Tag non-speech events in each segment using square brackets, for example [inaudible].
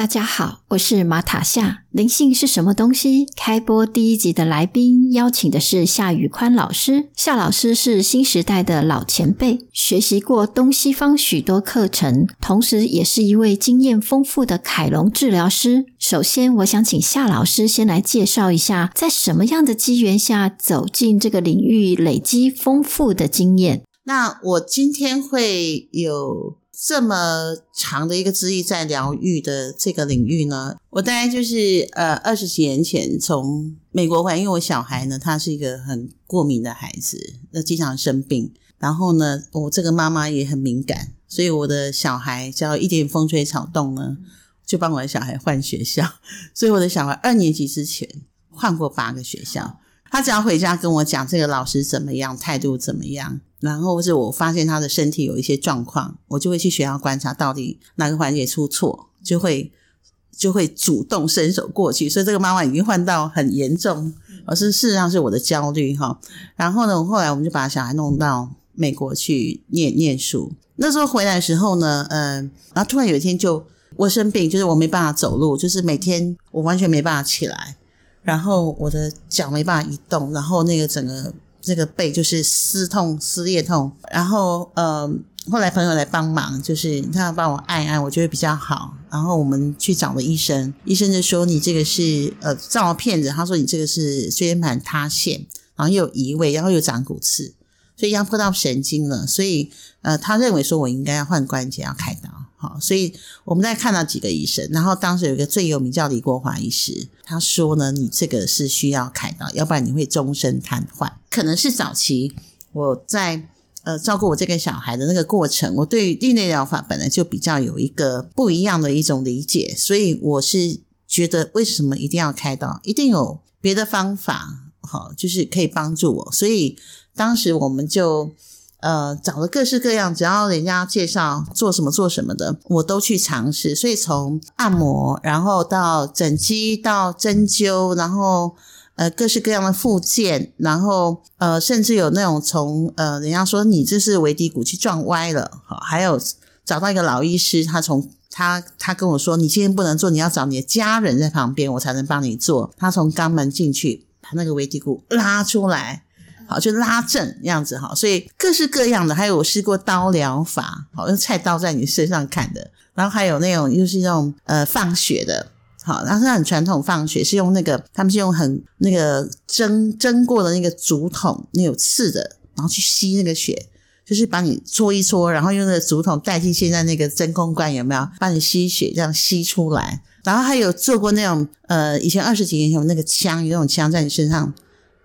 大家好，我是馬塔夏。靈性是什麼東西？開播第一集的來賓邀請的是夏語寬老師。夏老師是新時代的老前輩，學習過東西方許多課程，同時也是一位經驗豐富的凱龍治療師。首先，我想請夏老師先來介紹一下，在什麼樣的機緣下走進這個領域，累積豐富的經驗。那我今天會有這麼長的一個資歷在療癒的這個領域呢，我大概就是呃二十幾年前從美國回來，因為我小孩呢他是一個很過敏的孩子，那經常生病，然後呢我這個媽媽也很敏感，所以我的小孩只要一點風吹草動呢，就幫我的小孩換學校，所以我的小孩二年級之前換過八個學校。他只要回家跟我講這個老師怎麼樣，態度怎麼樣，然後是我發現他的身體有一些狀況，我就會去學校觀察到底哪個環節出錯，就會就會主動伸手過去。所以這個媽媽已經患到很嚴重，而是事實上是我的焦慮哈。然後呢，我後來我們就把小孩弄到美國去念念書。那時候回來的時候呢，嗯，然後突然有一天就我生病，就是我沒辦法走路，就是每天我完全沒辦法起來。然後我的腳沒辦法移動，然後那個整個這、那個背就是撕痛、撕裂痛。然後呃，後來朋友來幫忙，就是他要幫我按一按，我覺得比較好。然後我們去找了醫生，醫生就說你這個是呃照了片子，他說你這個是椎間盤塌陷，然後又有移位，然後又長骨刺，所以壓迫到神經了。所以呃，他認為說我應該要換關節，要開刀。好，所以我們在看到幾個醫生，然後當時有一個最有名叫李國華醫師，他說呢，你這個是需要開刀，要不然你會終身癱瘓。可能是早期我在呃照顧我這個小孩的那個過程，我對於另類療法本來就比較有一個不一樣的一種理解，所以我是覺得為什麼一定要開刀，一定有別的方法，好，就是可以幫助我。所以當時我們就。呃，找了各式各樣，只要人家介紹做什麼做什麼的，我都去嘗試。所以從按摩，然後到整脊，到針灸，然後呃，各式各樣的復健，然後呃，甚至有那種從呃，人家說你這是尾骶骨去撞歪了，還有找到一個老醫師，他從他他跟我說，你今天不能做，你要找你的家人在旁邊，我才能幫你做。他從肛門進去，把那個尾骶骨拉出來。好，就拉正，這樣子哈，所以各式各樣的，還有我試過刀療法，好，用菜刀在你身上砍的，然後還有那種又，就是那種呃放血的，好，那是很傳統放血，是用那個他們是用很那個蒸蒸過的那個竹筒，那有刺的，然後去吸那個血，就是把你搓一搓，然後用那個竹筒代替現在那個真空罐，有沒有？幫你吸血這樣吸出來，然後還有做過那種呃，以前二十幾年前有那個槍，有那種槍在你身上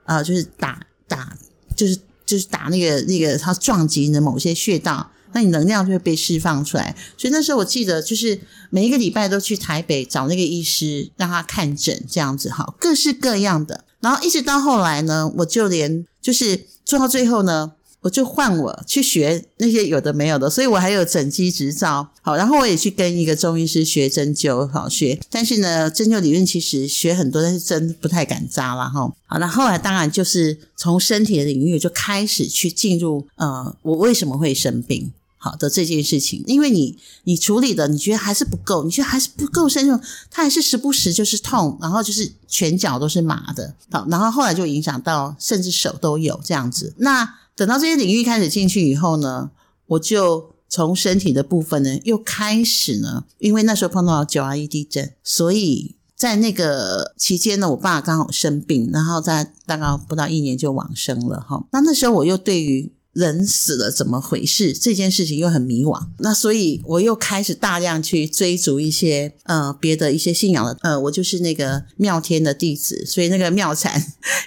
啊，呃，就是打。打就是就是打那個那個，它撞擊你的某些穴道，那你能量就會被釋放出來。所以那時候我記得，就是每一個禮拜都去台北找那個醫師讓他看診，這樣子哈，各式各樣的。然後一直到後來呢，我就連就是做到最後呢。我就換我去學那些有的沒有的，所以我還有整機執照。好，然後我也去跟一個中醫師學針灸，好學。但是呢，針灸理論其實學很多，但是針不太敢扎了哈。好，那後來當然就是從身體的領域就開始去進入呃，我為什麼會生病？好的這件事情，因為你你處理的你覺得還是不夠，你覺得還是不夠深入，它還是時不時就是痛，然後就是全腳都是麻的。好，然後後來就影響到甚至手都有這樣子。那等到這些領域開始進去以後呢，我就從身體的部分呢，又開始呢，因為那時候碰到九二一地震，所以在那個期間呢，我爸剛好生病，然後在大概不到一年就往生了哈。那那時候我又對於。人死了怎麼回事？這件事情又很迷惘，那所以我又開始大量去追逐一些呃別的一些信仰的。呃，我就是那個妙天的弟子，所以那個妙禪，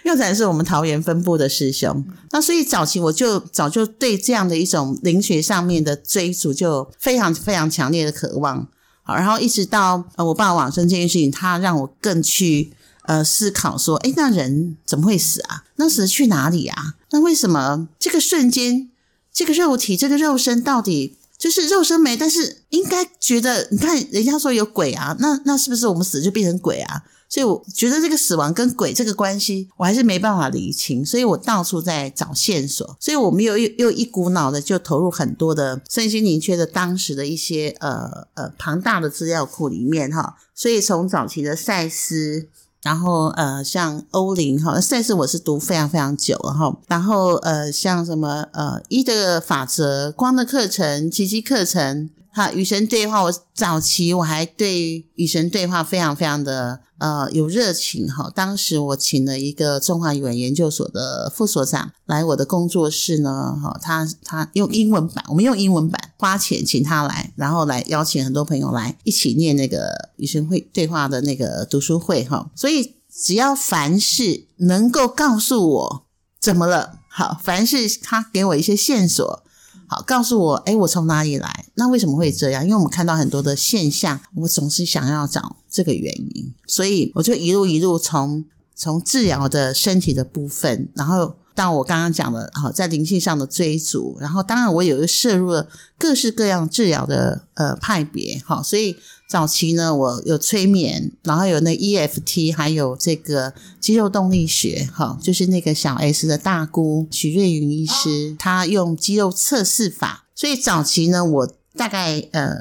妙禪是我們桃園分部的師兄。嗯。那所以早期我就早就對這樣的一種靈學上面的追逐，就非常非常強烈的渴望。好，然後一直到，呃，我爸往生這件事情，他讓我更去。呃，思考說，誒那人怎麼會死啊？那死去哪裡啊？那為什麼這個瞬間，這個肉體，這個肉身，到底就是肉身沒？但是應該覺得，你看人家說有鬼啊，那那是不是我們死就變成鬼啊？所以我覺得這個死亡跟鬼這個關係，我還是沒辦法理清，所以我到處在找線索。所以我們又又又一股腦的就投入很多的身心靈缺的當時的一些呃呃龐大的資料庫裡面哈、哦。所以從早期的賽斯。然後呃，像歐林哈，賽斯我是讀非常非常久了哈。然後呃，像什麼呃，一的法則、光的課程、奇蹟課程，哈、啊，與神對話，我早期我還對與神對話非常非常的。呃，有熱情哈。當時我請了一個中華語文研究所的副所長來我的工作室呢，哈，他他用英文版，我們用英文版花錢請他來，然後來邀請很多朋友來一起念那個與神對話的那個讀書會哈。所以只要凡事能夠告訴我怎麼了，好，凡是他給我一些線索。好，告訴我，誒我從哪裡來？那為什麼會這樣？因為我們看到很多的現象，我總是想要找這個原因，所以我就一路一路從從治療的身體的部分，然後到我剛剛講的，好，在靈性上的追逐，然後當然我也有涉入了各式各樣治療的呃派別，好，所以。早期呢，我有催眠，然後有那 EFT，還有這個肌肉動力學，哈、哦，就是那個小 S 的大姑許瑞雲醫師，她用肌肉測試法。所以早期呢，我大概呃，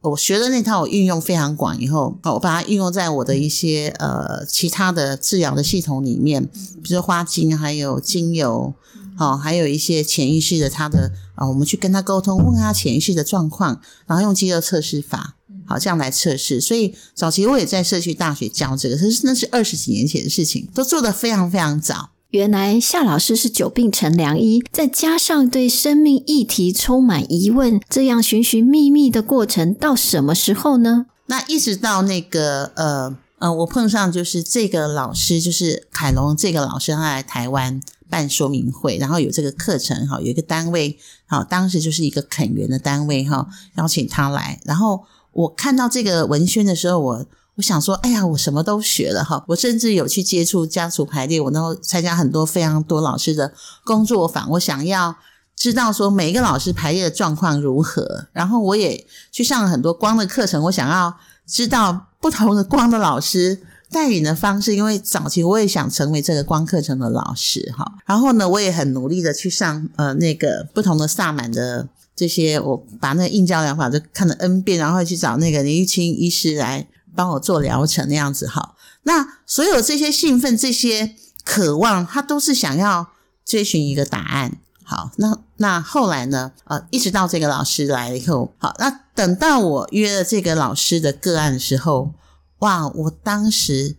我學的那套我運用非常廣，以後我把它運用在我的一些呃其他的治療的系統裡面，比如說花精，還有精油，哦，還有一些潛意識的，他的啊、哦，我們去跟他溝通，問他潛意識的狀況，然後用肌肉測試法。好，這樣來測試。所以早期我也在社區大學教這個，可是那是二十幾年前的事情，都做得非常非常早。原來夏老師是久病成良醫，再加上對生命議題充滿疑問，這樣尋尋覓覓的過程到什麼時候呢？那一直到那個呃呃，我碰上就是這個老師，就是凱龍這個老師，他來台灣辦說明會，然後有這個課程，哈，有一個單位，哈，當時就是一個肯園的單位哈，邀請他來，然後。我看到這個文宣的時候，我我想說，哎呀，我什麼都學了哈！我甚至有去接觸家族排列，我能夠參加很多非常多老師的工作坊，我想要知道說每一個老師排列的狀況如何。然後我也去上了很多光的課程，我想要知道不同的光的老師帶領的方式，因為早期我也想成為這個光課程的老師哈。然後呢，我也很努力的去上呃那個不同的薩滿的。這些，我把那個硬教療法都看了 N 遍，然後去找那個林玉清醫師來幫我做療程那樣子。好，那所有這些興奮、這些渴望，他都是想要追尋一個答案。好，那那後來呢？呃，一直到這個老師來以後，好，那等到我約了這個老師的個案的時候，哇，我當時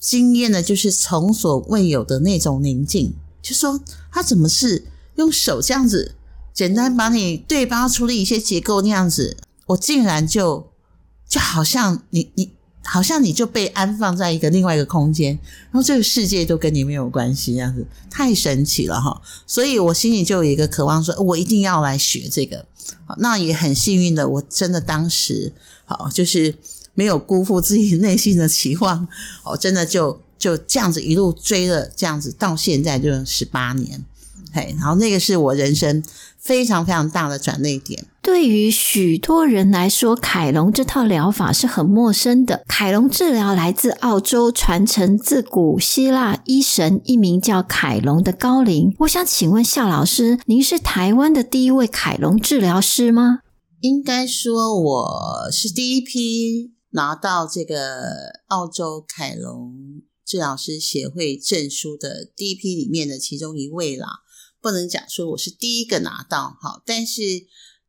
驚豔的就是從所未有的那種寧靜，就說他怎麼是用手這樣子。簡單把你對方處理一些結構那樣子，我竟然就就好像你你好像你就被安放在一個另外一個空間，然後這個世界都跟你沒有關係，這樣子太神奇了哈！所以我心裡就有一個渴望說，說我一定要來學這個。那也很幸運的，我真的當時好就是沒有辜負自己內心的期望，我真的就就這樣子一路追了這樣子，到現在就十八年。然後，那個是我人生非常非常大的轉捩點。對於許多人來說，凱龍這套療法是很陌生的。凱龍治療來自澳洲，傳承自古希臘醫神一名叫凱龍的高靈。我想請問夏老師，您是台灣的第一位凱龍治療師嗎？應該說，我是第一批拿到這個澳洲凱龍治療師協會證書的第一批裡面的其中一位啦。不能講說我是第一個拿到，好，但是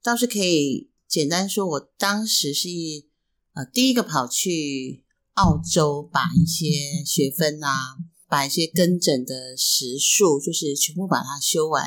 倒是可以簡單說，我當時是一、呃、第一個跑去澳洲把一些學分啊，把一些跟診的時數就是全部把它修完，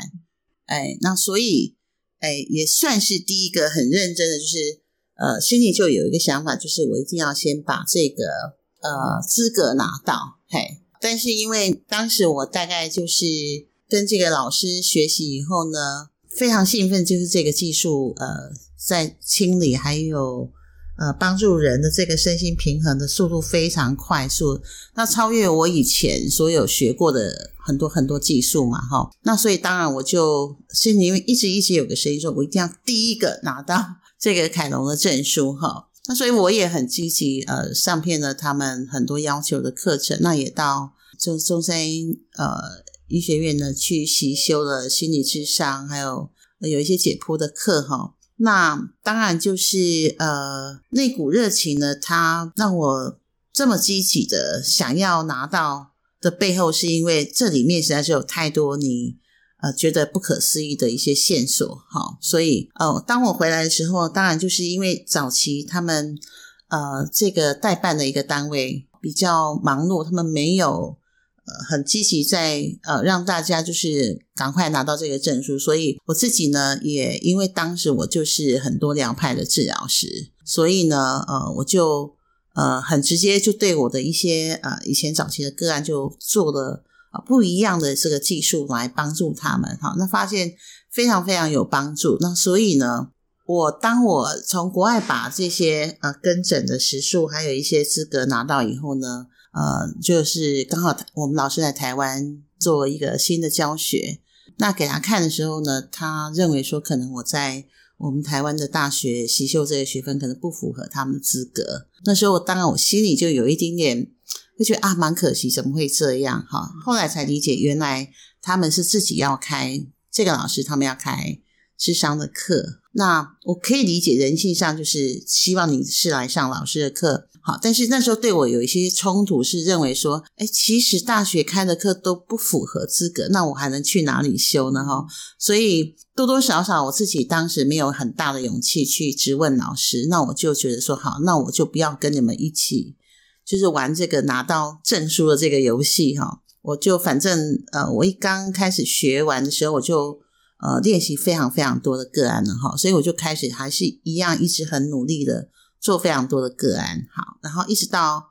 哎、欸，那所以哎、欸、也算是第一個很認真的，就是呃心裡就有一個想法，就是我一定要先把這個呃資格拿到，嘿、欸，但是因為當時我大概就是。跟這個老師學習以後呢，非常興奮，就是這個技術呃，在清理還有呃幫助人的這個身心平衡的速度非常快速，那超越我以前所有學過的很多很多技術嘛，哈。那所以當然我就是因為一直一直有個聲音說，我一定要第一個拿到這個凱龍的證書，哈。那所以我也很積極呃，上片了他們很多要求的課程，那也到就中山呃。醫學院呢，去習修了心理智商，還有有一些解剖的課哈。那當然就是呃，那股熱情呢，它讓我這麼積極的想要拿到的背後，是因為這裡面實在是有太多你呃覺得不可思議的一些線索哈。所以哦、呃，當我回來的時候，當然就是因為早期他們呃這個代辦的一個單位比較忙碌，他們沒有。呃，很積極在呃讓大家就是趕快拿到這個證書，所以我自己呢，也因為當時我就是很多良派的治療師，所以呢呃，我就呃很直接就對我的一些呃以前早期的個案就做了啊、呃、不一樣的這個技術來幫助他們，好，那發現非常非常有幫助，那所以呢。我當我從國外把這些呃跟診的時數，還有一些資格拿到以後呢，呃，就是剛好我們老師來台灣做了一個新的教學，那給他看的時候呢，他認為說可能我在我們台灣的大學修這個學分可能不符合他們資格。那時候我當然我心裡就有一點點會覺得啊，蠻可惜，怎麼會這樣？哈，後來才理解，原來他們是自己要開這個老師，他們要開智商的課。那我可以理解人性上就是希望你是來上老師的課，好，但是那時候對我有一些衝突，是認為說，哎、欸，其實大學開的課都不符合資格，那我還能去哪裡修呢？哈，所以多多少少我自己當時沒有很大的勇氣去質問老師，那我就覺得說，好，那我就不要跟你們一起，就是玩這個拿到證書的這個遊戲，哈，我就反正呃，我一剛開始學完的時候，我就。呃，練習非常非常多的個案了哈，所以我就開始還是一樣，一直很努力的做非常多的個案，好，然後一直到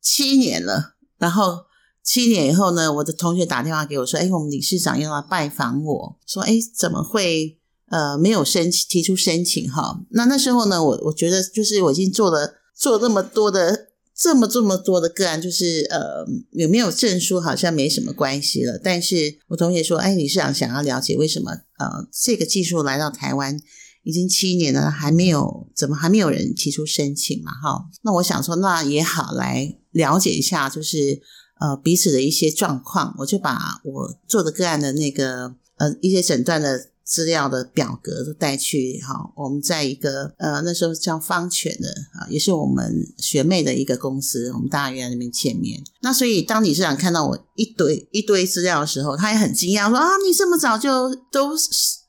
七年了，然後七年以後呢，我的同學打電話給我說，哎、欸，我們理事長要來拜訪我，說，哎、欸，怎麼會，呃，沒有申請提出申請哈？那那時候呢，我我覺得就是我已經做了做了那麼多的。這麼這麼多的個案，就是呃，有沒有證書好像沒什麼關係了。但是我同學說，哎，你是想想要了解為什麼呃這個技術來到台灣已經七年了，還沒有怎麼還沒有人提出申請嘛？哈，那我想說，那也好來了解一下，就是呃彼此的一些狀況。我就把我做的個案的那個呃一些診斷的。資料的表格都帶去哈，我們在一個呃那時候叫方全的啊，也是我們學妹的一個公司，我們大約在那邊見面。那所以當理事長看到我一堆一堆資料的時候，他也很驚訝說啊，你這麼早就都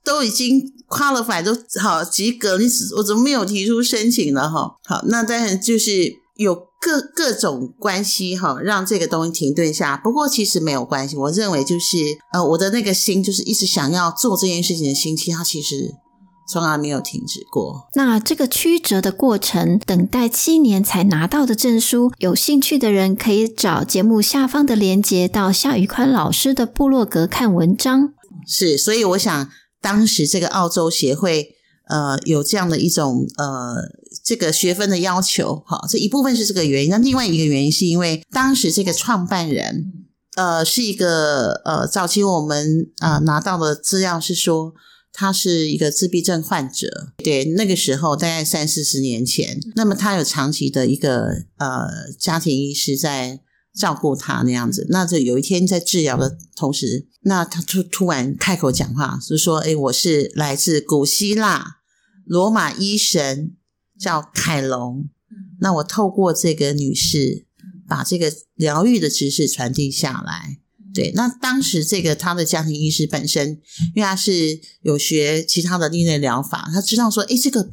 都已經 qualified 都好及格，你我怎麼沒有提出申請了？哈，好，那但是就是有。各各種關係哈、哦，讓這個東西停頓下。不過其實沒有關係，我認為就是呃，我的那個心就是一直想要做這件事情的心，期，它其實從來沒有停止過。那這個曲折的過程，等待七年才拿到的證書，有興趣的人可以找節目下方的連結到夏語寬老師的部落格看文章。是，所以我想當時這個澳洲協會呃有這樣的一種呃。這個學分的要求，哈，這一部分是這個原因。那另外一個原因是因為當時這個創辦人，呃，是一個呃，早期我們啊、呃、拿到的資料是說他是一個自閉症患者。對，那個時候大概三四十年前。那麼他有長期的一個呃家庭醫師在照顧他那樣子。那就有一天在治療的同時，那他突突然開口講話，就說：“哎、欸，我是來自古希臘羅馬醫神。”叫凱龍，那我透過這個女士，把這個療癒的知識傳遞下來。對，那當時這個他的家庭醫師本身，因為他是有學其他的另類療法，他知道說，哎，這個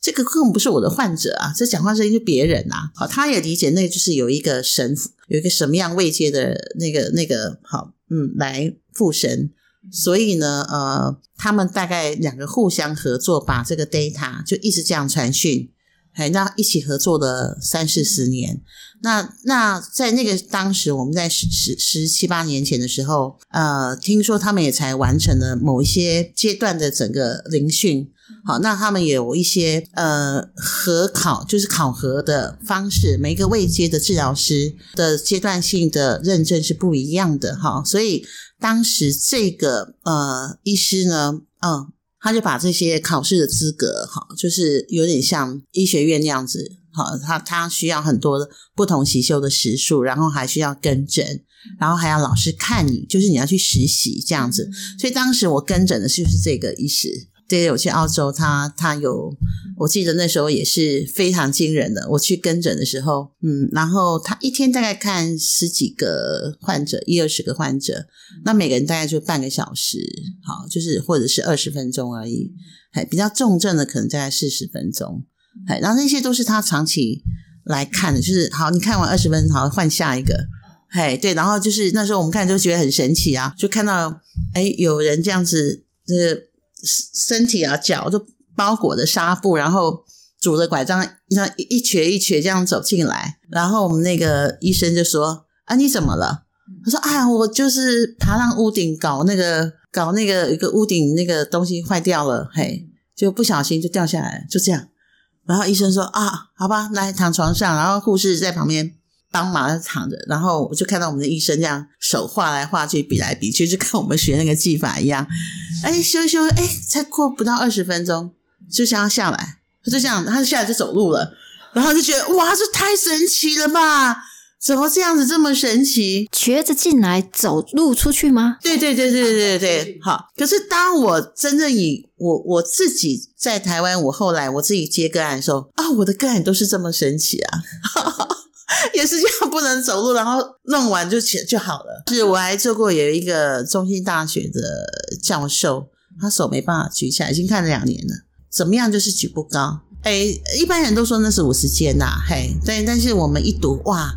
這個根本不是我的患者啊，這講話聲音是因為別人吶、啊。好，他也理解，那個就是有一個神，有一個什麼樣位階的，那個那個好，嗯，來附身。所以呢，呃，他們大概兩個互相合作，把這個 data 就一直這樣傳訊，哎，那一起合作了三四十年。那那在那個當時，我們在十十十七八年前的時候，呃，聽說他們也才完成了某一些階段的整個聆訊。好，那他們有一些呃，核考，就是考核的方式，每一個位階的治療師的階段性的認證是不一樣的哈。所以當時這個呃醫師呢，嗯，他就把這些考試的資格哈，就是有點像醫學院那樣子哈。他他需要很多不同習修的時數，然後還需要跟診，然後還要老師看你，就是你要去實習這樣子。所以當時我跟診的就是這個醫師。對，我去澳洲他，他他有，我記得那時候也是非常驚人的。我去跟診的時候，嗯，然後他一天大概看十幾個患者，一二十個患者，那每個人大概就半個小時，好，就是或者是二十分鐘而已。哎，比較重症的可能大概四十分鐘。哎，然後那些都是他長期來看的，就是好，你看完二十分鐘，好，換下一個，哎，對，然後就是那時候我們看就覺得很神奇啊，就看到哎有人這樣子，就是。身體啊，腳都包裹着紗布，然後拄着拐杖，一一瘸一瘸這樣走進來。然後我們那個醫生就說：“啊，你怎麼了？”他說：“啊，我就是爬上屋頂搞那個搞那個一個屋頂那個東西壞掉了，嘿，就不小心就掉下來，就這樣。”然後醫生說：“啊，好吧，來躺床上。”然後護士在旁邊。幫忙躺着，然後我就看到我們的醫生這樣手畫來畫去、比來比去，就跟我們學那個技法一樣。哎，修修，哎，才過不到二十分鐘，就想要下來，他就這樣，他就下來就走路了。然後就覺得，哇，這太神奇了吧！怎麼這樣子這麼神奇？瘸着進來，走路出去嗎？對對對對對對對。好，可是當我真正以我我自己在台灣，我後來我自己接個案的時候，啊，我的個案都是這麼神奇啊！ [laughs] [laughs] 也是這樣，不能走路，然後弄完就就就好了。是我還做過有一個中興大學的教授，他手沒辦法舉起來，已經看了兩年了，怎麼樣就是舉不高。哎、欸，一般人都說那是五十肩吶，嘿，對，但但是我們一讀哇，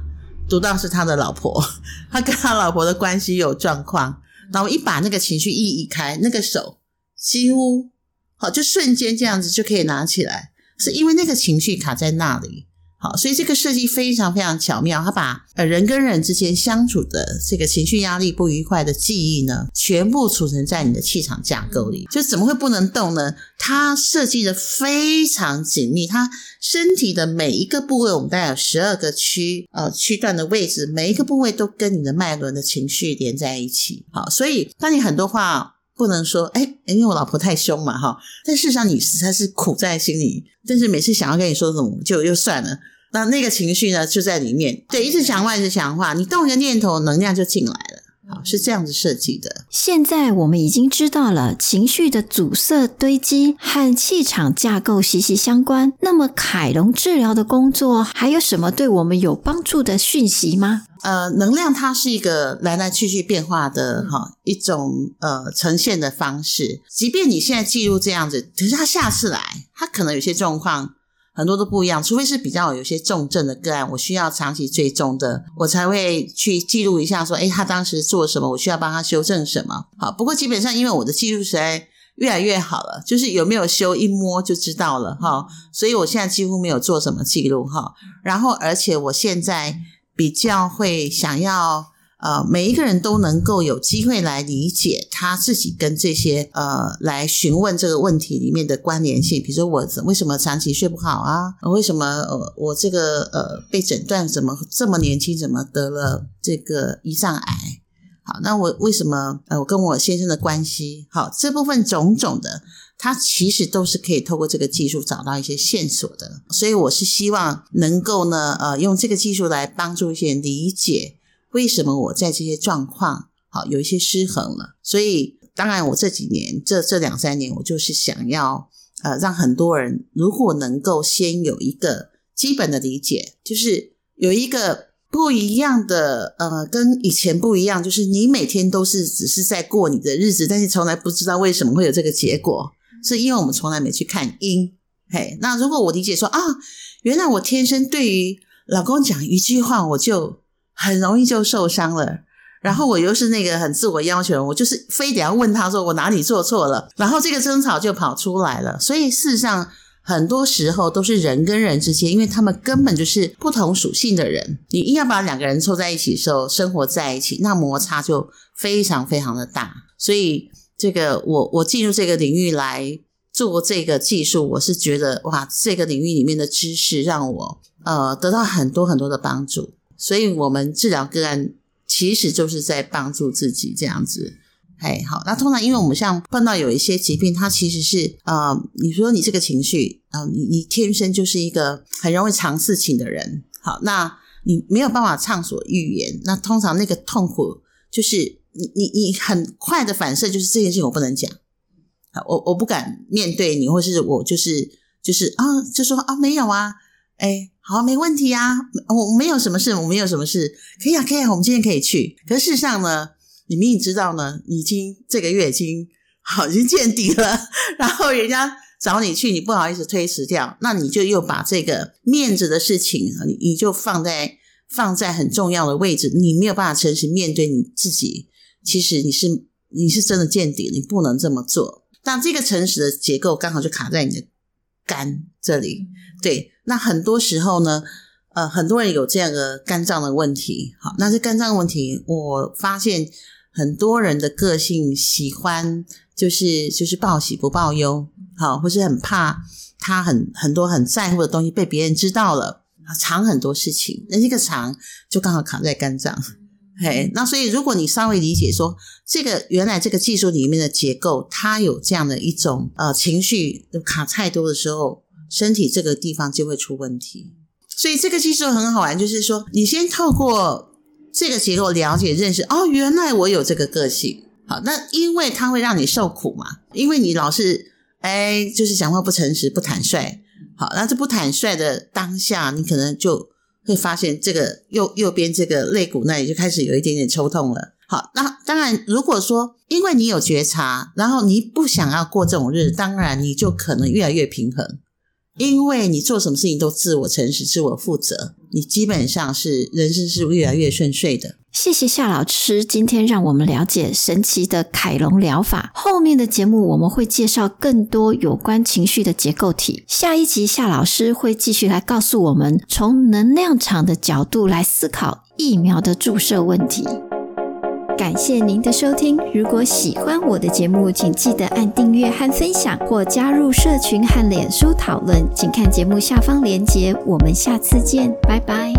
讀到是他的老婆，他跟他老婆的關係有狀況。然後一把那個情緒一移開，那個手幾乎好就瞬間這樣子就可以拿起來，是因為那個情緒卡在那裡。好，所以這個設計非常非常巧妙，它把呃人跟人之間相處的這個情緒壓力、不愉快的記憶呢，全部儲存在你的氣場架構裡。就怎麼會不能動呢？它設計的非常緊密，它身體的每一個部位，我們大概有十二個區呃區段的位置，每一個部位都跟你的脈輪的情緒連在一起。好，所以當你很多話。不能說，哎，欸欸，因為我老婆太凶嘛哈。但事實上，你實在是苦在心裡。但是每次想要跟你說什麼，就又算了。那那個情緒呢，就在裡面。對，一直想外，一直想話，你動一個念頭，能量就進來了。好，是這樣子設計的。現在我們已經知道了情緒的阻塞堆積和氣場架構息息相關。那麼，凱龍治療的工作還有什麼對我們有幫助的訊息嗎？呃，能量它是一個來來去去變化的哈、嗯、一種呃呈現的方式。即便你現在記錄這樣子，可是他下次來，他可能有些狀況很多都不一樣。除非是比較有些重症的個案，我需要長期追蹤的，我才會去記錄一下說，說哎，他當時做什麼，我需要幫他修正什麼。好，不過基本上因為我的技術實在越來越好了，就是有沒有修一摸就知道了哈、嗯，所以我現在幾乎沒有做什麼記錄哈。然後而且我現在。比較會想要呃，每一個人都能夠有機會來理解他自己跟這些呃，來詢問這個問題裡面的關聯性。比如說我，我為什麼長期睡不好啊？為什麼，呃，我這個呃被診斷怎麼這麼年輕，怎麼得了這個胰臟癌？好，那我為什麼呃，我跟我先生的關係好？這部分種種的。它其實都是可以透過這個技術找到一些線索的，所以我是希望能夠呢，呃，用這個技術來幫助一些人理解為什麼我在這些狀況好，哦，有一些失衡了。所以當然，我這幾年這這兩三年，我就是想要呃，讓很多人如果能夠先有一個基本的理解，就是有一個不一樣的呃，跟以前不一樣，就是你每天都是只是在過你的日子，但是從來不知道為什麼會有這個結果。是因為我們從來沒去看因，嘿。那如果我理解說啊，原來我天生對於老公講一句話，我就很容易就受傷了。然後我又是那個很自我要求，我就是非得要問他說我哪裡做錯了，然後這個爭吵就跑出來了。所以事實上，很多時候都是人跟人之間，因為他們根本就是不同屬性的人。你硬要把兩個人湊在一起的時候，生活在一起，那摩擦就非常非常的大。所以。這個我我進入這個領域來做這個技術，我是覺得哇，這個領域裡面的知識讓我呃得到很多很多的幫助。所以，我們治療個案其實就是在幫助自己這樣子。哎，好，那通常因為我們像碰到有一些疾病，它其實是呃，你說你這個情緒，嗯、呃，你你天生就是一個很容易藏事情的人。好，那你沒有辦法暢所欲言，那通常那個痛苦就是。你你你很快的反射就是這件事情我不能講，我我不敢面對你，或是我就是就是啊就說啊沒有啊，哎，好，沒問題啊，我沒有什麼事，我沒有什麼事，可以啊可以啊，我們今天可以去。可事實上呢，你明明知道呢，你已經這個月已經好已經見底了，然後人家找你去，你不好意思推辭掉，那你就又把這個面子的事情，你你就放在放在很重要的位置，你沒有辦法誠實面對你自己。其實你是你是真的見底，你不能這麼做。那這個誠實的結構剛好就卡在你的肝這裡。對，那很多時候呢，呃，很多人有這樣的肝臟的問題。好，那這肝臟問題。我發現很多人的個性喜歡就是就是報喜不報憂，好，或是很怕他很很多很在乎的東西被別人知道了，藏很多事情。那這個藏就剛好卡在肝臟。嘿，那所以如果你稍微理解說，這個原來這個技術裡面的結構，它有這樣的一種呃情緒卡太多的時候，身體這個地方就會出問題。所以這個技術很好玩，就是說你先透過這個結構了解認識，哦，原來我有這個個性。好，那因為它會讓你受苦嘛，因為你老是哎，就是講話不誠實，不坦率。好，那這不坦率的當下，你可能就。會發現這個右右邊這個肋骨那裡就開始有一點點抽痛了。好，那當然，如果說因為你有覺察，然後你不想要過這種日子，當然你就可能越來越平衡，因為你做什麼事情都自我誠實、自我負責，你基本上是人生是越來越順遂的。謝謝夏老師，今天讓我們了解神奇的凱龍療法。後面的節目我們會介紹更多有關情緒的結構體。下一集夏老師會繼續來告訴我們，從能量場的角度來思考疫苗的注射問題。感謝您的收聽，如果喜歡我的節目，請記得按訂閱和分享，或加入社群和臉書討論。請看節目下方連結，我們下次見，拜拜。